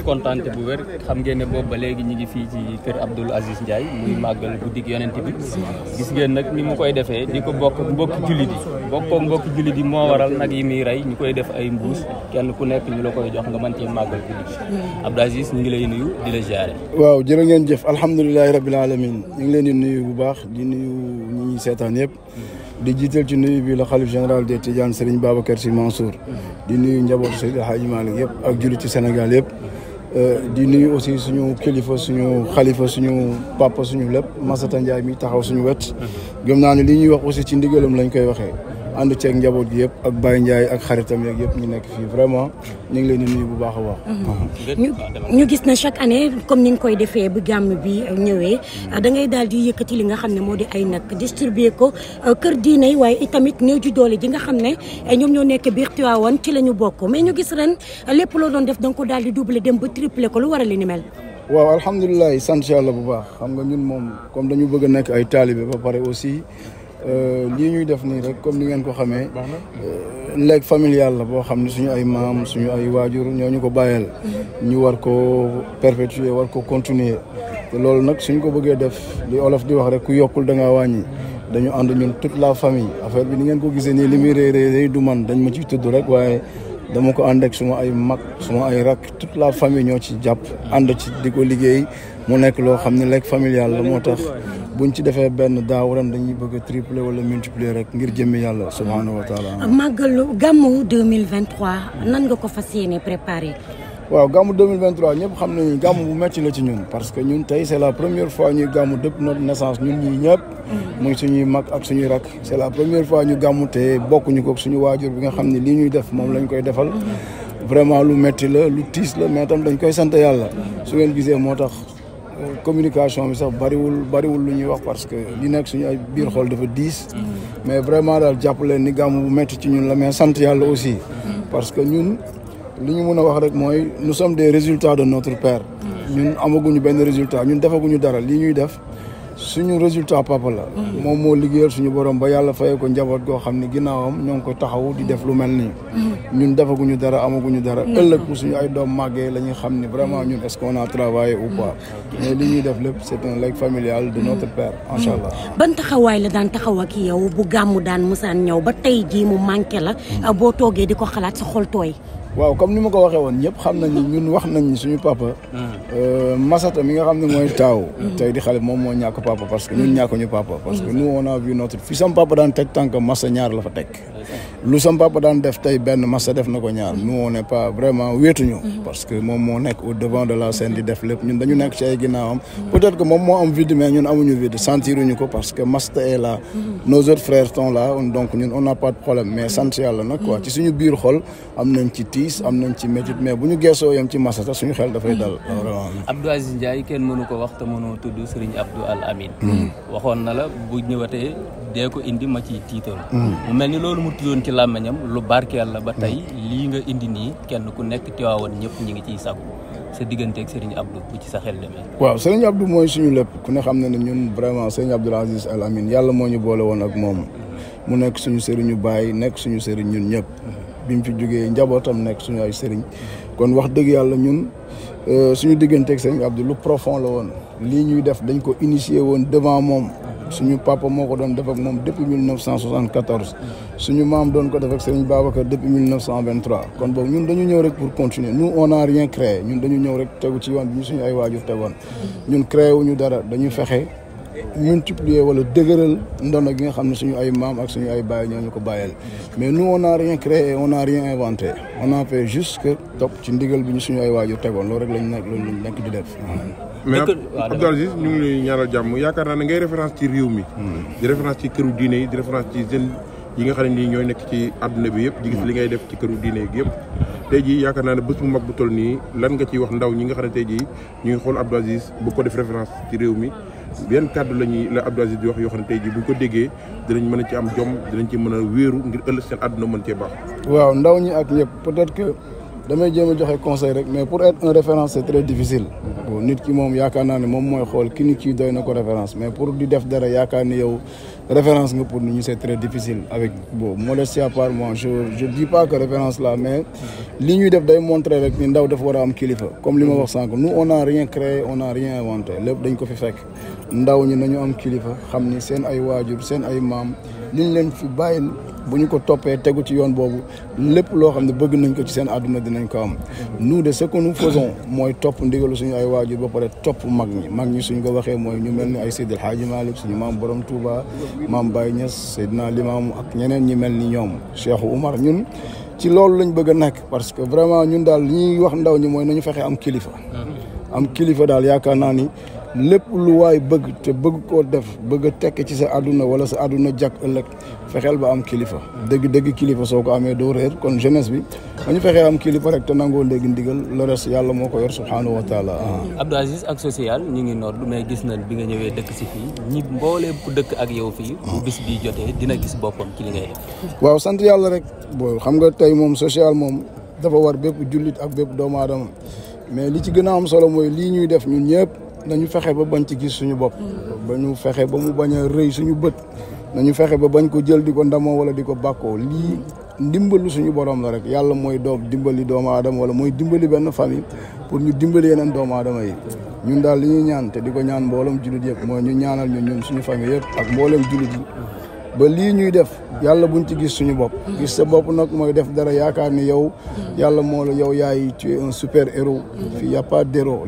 am bu wér xam ngeen ne boobu ba léegi ñu ngi fii ci kër Abdoul Aziz Ndiaye muy màggal guddik yonent bi gis ngeen nag ni mu koy defee di ko bokk mbokki jullit yi bokkoo mbokki jullit yi moo waral nag yi muy rey ñu koy def ay mbuus kenn ku nekk ñu la koy jox nga mën cee màggal guddi Abdoul Aziz ñu ngi lay nuyu di la ziare waaw jërë ngeen jëf alhamdulilahi rabbil alamin ñu ngi leen di nuyu bu baax di nuyu ñu ñuy seetaan yëpp di jiital ci nuyu bi la xalif général des Tidianes Serigne Babacar Sy Mansour di nuyu njaboot Seydi Hadji Malick yëpp ak jullit ci Sénégal yëpp Euh, di nuyu aussi suñu kilifa suñu xalifa suñu papa suñu lépp Massata Ndiaye mi taxaw suñu wet mhm. gëm naa ne li ñuy wax aussi ci ndigalam lañu koy waxee ànd ceeg njaboot gi yëpp ak Baye Ndiaye ak xaritam yeeg yëpp ñu nekk fii vraiment ñu leen di bu baax a baax. ñu ah, ñu gis na chaque année comme ni nga koy defee bu gàmm bi ñëwee hmm. dangay ngay daal di yëkkati li nga xam ne moo di ay nag distribuer ko euh, kër diine yi waaye itamit néew ji doole ji nga xam ne eh, ñoom ñoo nekk biir Tivaouane ci la ñu bokk mais ñu gis ren lépp loo doon def da nga ko daal di doubler dem ba tripler ko lu waral li ni mel. waaw alhamdulilah sant yàlla bu baax xam nga ñun moom comme dañu bëgg a nekk ay taalibe ba pare aussi. Euh, lii ñuy def nii rek comme ni ngeen ko xamee euh, leeg familial la boo xam ne suñu ay maam suñu ay waajur ñoo ñu ko bàyyeel mhm. ñu war ko perpétuer war ko continuer te loolu nag suñ ko bëggee def li olof di wax rek ku yokkul da ngaa wàññi dañu ànd ñun toute la famille affaire bi ni ngeen ko gisee nii li muy réeréeréy du man dañ ma ci tudd rek waaye dama ko ànd ak suma ay mag suma ay rak toute la famille ñoo ci jàpp ànd ci di ko liggéey mu nekk loo xam ne leeg familial la moo tax bu buñ ci defee benn daaw ren dañuy bëgg a tripler wala multiplier rek ngir jëmmi yàlla subhaanahu wa taala. màggalu gàmmu 2023 nan nga ko fas yéene préparé. waaw gàmmu 2023 ñëpp xam nañu gàmmu bu metti la ci ñun parce que ñun tey c'est la première fois ñuy gàmmu depuis notre naissance ñun ñii ñëpp. Mm-hmm. muy suñuy mag ak suñuy rak c'est la première fois ñu gàmmu te bokkuñu ko suñu waajur bi nga xam ne lii ñuy def moom lañu koy defal. Mm-hmm. vraiment lu metti la lu tiis la mais tam dañ koy sant yàlla mm-hmm. su ngeen gisee moo tax. communication bi sax bariwul bariwul lu ñuy wax parce que li nekk suñu ay biir xool dafa diis. mais vraiment daal jàpp leen ni gàmm bu métti ci ñun la mais sant yàlla aussi. parce que ñun li ñu mën a wax rek mooy nu some des résultats de notre père. ñun amaguñu benn résultat ñun defaguñu dara li ñuy def. suñu résultat papa la. Mm. moom moo liggéeyal suñu borom ba yàlla fayee ko njaboot goo xam ne ginnaawam ñoo ko taxawu di def lu mel nii. Mm. ñun defaguñu dara amaguñu dara. Mm. ëllëg suñu ay doom màggee la ñuy xam ne vraiment ñun est-ce qu'on a travaillé ou pas. mais li ñuy def lépp c'est un legs familial de notre père. macha allah ban taxawaay la daan taxaw ki yow bu gàmmu daan musaan ñëw ba tey jii mu manqué la. boo toogee di ko xalaat sa xol tooy. waaw comme ni ma ko waxee woon ñëpp xam nañu ñun wax nañ suñu papa. Hmm. Euh, Massata mi nga xam ne mooy taaw. Hmm. tey di xale moom moo ñàkk papa parce que ñun hmm. ñàkkuñu papa. parce que nous on a vu notre fi sam papa daan teg tànk Massa ñaar la fa teg. lu sama papa daan def tey benn massa def na ko ñaar nous on pas vraiment wéetuñu mhm. parce que moom moo nekk au devant de la scène di def lépp ñun dañu nekk ci ay ginnaawam être que moom moo am vide mais ñun amuñu vide sentiruñu ko parce que masta est là mhm. nos autres frères sont là donc ñun on n'a pas problème mais mhm. sant yàlla nag quoi ci suñu biir xol am nañ ci tiis am nañ ci métit mais bu ñu geesoo yam ci massa sax suñu xel dafay dal vraiment Abdou Aziz Ndiaye kenn mënu ko wax te mënoo tudd Serigne Abdou Al Amin waxoon na la bu ñëwatee dee ko indi ma ciy làmmiñam lu barkeel la ba tey lii nga indi nii kenn ku nekk Tiwaawan ñëpp ñi ngi ciy sàkku sa digganteeg Serigne Abdou bu ci sa xel demee. waaw Serigne Abdou mooy suñu lépp ku ne xam na ne ñun vraiment Serigne Abdoul Aziz Al Amin yàlla moo ñu boole woon ak moom mu nekk ñu sëriñu baay nekk suñu sëriñ ñun ñëpp bi mu fi jógee njabootam nekk suñu ay sëriñ kon wax dëgg yàlla ñun euh, suñu digganteeg Serigne Abdou lu profond la woon lii ñuy def dañ ko initier woon devant suñu papa moo ko doon def ak moom depuis 1974 suñu maam doon ko def ak Serigne Babacar depuis 1923 kon boobu ñun dañu ñëw rek pour continuer nous on a rien créé ñun dañu ñëw rek tegu ci yoon bi ñu suñu ay waajur tegoon ñun créé wuñu dara dañu fexe multiplier wala dëgëral ndono gi nga xam ne suñu ay maam ak suñu ay baay ñoo ñu ko bàyyeel mais nu on a rien créé on a rien inventé on a fait juste que topp ci ndigal bi ñu suñu ay waajur tegoon loolu rek lañ nekk loolu lañ nekk di def mais Abdou Aziz ñu ngi lay jàmm yaakaar naa ne ngay référence ci réew mi hmm. di référence ci këru diine yi di référence ci jeunes yi nga xam ne ñooy nekk ci àdduna bi yëpp di gis hmm. li ngay def ci këru diine yi yëpp tey yaakaar naa ne bés bu mag bu toll nii lan nga ciy wax ndaw ñi nga xam ne tey jii ñu xool Abdou Aziz bu ko def référence ci réew mi benn kàddu la ñuy la Abdou Aziz di wax yoo xam ne tey jii bu ñu ko déggee dinañ mën a ci am jom dinañ ci mën a wéeru ngir ëllëg seen àdduna mën cee baax waaw ndaw ñi ak ñëpp damay jéem a joxe conseil rek mais pour être un référence c'est très difficile bon nit ki moom yaakaar naa ne moom mooy xool ki nit ki doy na ko référence mais pour di def dara yaakaar ni yow référence nga pour nit ñi c'est très difficile avec bon modestie à part moi je je dis pas que référence là mais li ñuy def day montrer rek ni ndaw dafa war a am kilifa comme li ma wax sànq nous on a rien créé on a rien inventé lépp dañ ko fi fekk ndaw ñi nañu am kilifa xam ni seen ay waajur seen ay maam liñ leen fi bàyyi bu ñu ko toppee tegu ci yoon boobu lépp loo xam ne bëgg nañ ko ci seen àdduna dinañ ko am nous de ce que nous faisons mooy topp ndigalu suñu ay waajur ba pare topp mag ñi mag ñi suñ ko waxee mooy ñu mel ni ay Seydil Hadji Malick suñu maam borom Touba maam Baye Niass Seydina Limaamu ak ñeneen ñi mel ni ñoom Cheikh Oumar ñun ci loolu lañ bëgg a nekk parce que vraiment ñun daal li wax ndaw ñi mooy nañu fexe am kilifa am kilifa daal yaakaar naa ni lépp lu waay bëgg te bëgg koo def bëgg a tekk ci sa àdduna wala sa àdduna jàkk ëllëg fexeel ba am kilifa dëgg dëgg kilifa soo ko amee doo réer kon jeunesse bi ba ñu fexee am kilifa rek te nangoo léegi ndigal le reste yàlla moo ko yor subhaanahu wa taala Abdou Aziz ak social ñu ngi noor mais gis na bi nga ñëwee dëkk si fii ñi mboolee ku dëkk ak yow fii bu bis bi jotee dina gis boppam ci waaw sant yàlla rek boo xam nga tey moom social moom dafa war bépp jullit ak bépp doomu aadama mais li ci gën a am solo mooy lii ñuy def ñun ñëpp nañu fexe ba bañ ci gis suñu bopp ba ñu fexe ba mu bañ a rëy suñu bët na ñu fexe ba bañ ko jël di ko ndamoo wala di ko bàkkoo lii ndimbalu suñu borom rek yàlla mooy doom dimbali doomu aadama wala mooy dimbali benn famille pour ñu dimbali yeneen doomu aadama yi ñun daal li ñuy ñaan te di ko ñaan mboolem jullit yëpp mooy ñu ñaanal ñu ñun suñu famille yëpp ak mboolem jullit yi ba lii ñuy def yàlla buñ ci gis suñu bopp gis sa bopp nag mooy def dara yaakaar ni yow yàlla moo la yow yaay tu es super héros fi y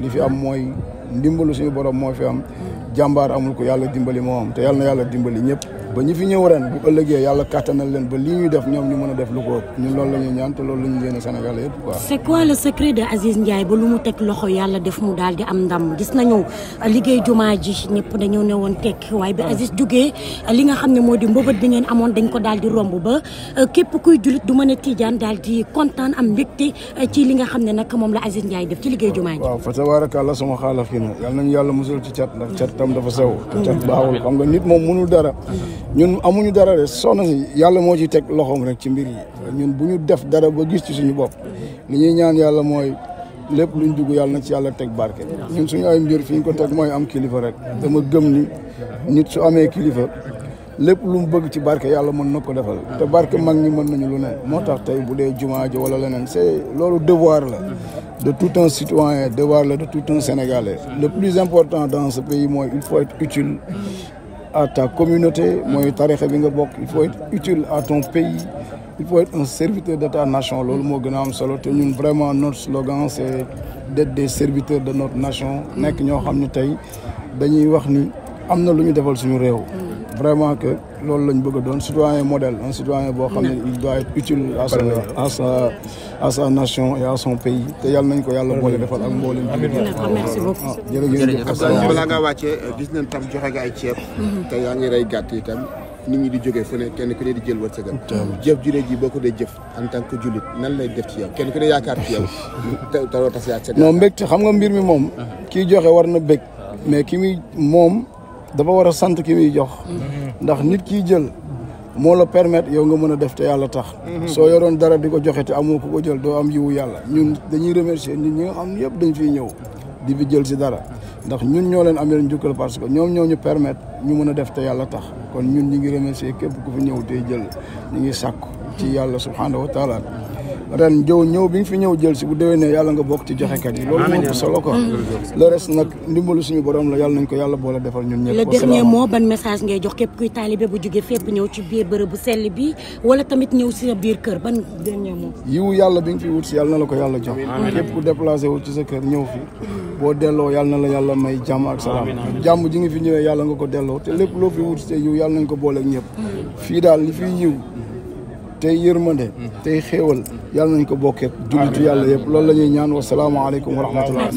li fi am mooy ndimbalu suñu borom moo fi am jàmbaar amul ko yàlla dimbali moo am te yàlla yàlla dimbali ñëpp ba ñu fi ñëw ren bu ëllëgee yàlla kàttanal leen ba li ñuy def ñoom ñu mën a def lu ko ñun loolu la ñuy lool lu loolu la ñu yéene Sénégal yëpp secret de Aziz Ndiaye ba lu mu teg loxo yàlla def mu daal di am ndam gis nañu liggéey jumaa ji ñëpp dañoo ne woon tekk waaye bi ah. Aziz jógee li nga xam ne moo di mbëbët bi ngeen amoon dañ ko daal di romb ba euh, képp kuy julit du mën a tijaan daal di kontaan am mbégte euh, ci li nga xam ne nag moom la Aziz Ndiaye def ci liggéey jumaa ji waaw fa tabarakallah sama la yi na yàlla nañu musul ci cat ndax cat tam dafa sew cat baaxul mm-hmm. xam nga nit moom mënul dara mm-hmm. ñun amuñu dara de soxna si yàlla moo ciy teg loxoom rek ci mbir yi ñun bu ñu def dara ba gis ci suñu bopp li ñuy ñaan yàlla mooy lépp luñ dugg yàlla na ci yàlla teg barke ñun suñu ay mbir fi ñu ko teg mooy am kilifa rek dama gëm ni nit su amee kilifa lépp lu mu bëgg ci barke yàlla mën na ko defal te barke mag ñi mën nañu lu ne moo tax tey bu dee jumaa ji wala leneen c'est loolu devoir la de tout un citoyen devoir la de tout un sénégalais le plus important dans ce pays mooy il faut être utile à ta communauté mooy tarixa bi nga bokk il faut être utile à ton pays il faut être un serviteur de ta nation loolu moo gën a am solo te ñun vraiment notre slogan c'est d'être des serviteurs de notre nation nekk ñoo xam ne tey dañuy wax ni am na lu ñu defal suñu réew vraiment que loolu lañ bëgg a doon citoyen modèle un citoyen boo xam ne mm. il doit être utile sa à sa à sa nation et à son pays te yàlla nañ ko yàlla boole defal a mboolem merci beaucoup ah, jërëjëf balaa eh, tam joxe mm-hmm. ngi di jógee fu ne kenn ku ne di jël wërsëgam jëf juré ji boo ko dee jëf en tant que jullit nan lay def ci yow kenn ku ne yaakaar ci yow te doo tas xam nga mbir mi moom ah. kii joxe war na bég ah. mais ki moom dafa war a sant ki muy jox ndax nit ki jël moo la permettre yow nga mën a def te yàlla tax soo yoroon dara di ko joxe te amoo ku ko jël doo am yiwu yàlla ñun dañuy remercier nit ñi nga xam yëpp dañ fiy ñëw di fi jël si dara ndax ñun ñoo leen amee njukkal parce que ñoom ñoo ñu permettre ñu mën a def te yàlla tax kon ñun ñi ngi remercier képp ku ñëw tey jël ñu ngi sàkku ci yàlla subhanahu wa taala ren jëw ñëw bi nga fi ñëw jël si bu déwénee yàlla nga bokk ci joxekat yi loolu moo ëpp solo quoi le reste nag ndimbalu suñu borom la yàlla nañ ko yàlla boole defal ñun ñëpp le dernier mot ban message ngay jox képp kuy taalibe bu jóge fépp ñëw ci biir bërëb bu sell bi wala tamit ñëw si sa biir kër ban dernier mot yiwu yàlla bi nga fi wut si yàlla na la ko yàlla jox képp ku déplacé wu ci sa kër ñëw fi boo delloo yàlla na la yàlla may jàmm ak salaam jàmm ji nga fi ñëwee yàlla nga ko delloo te lépp loo fi wut si yiw yàlla nañ ko boole ak ñëpp fii daal li fi yiw tey yërmande tey xéewal yàlla nañ ko bokkee jullitu yàlla yëpp loolu la ñuy ñaan wasalaamaaleykum wa rahmatullah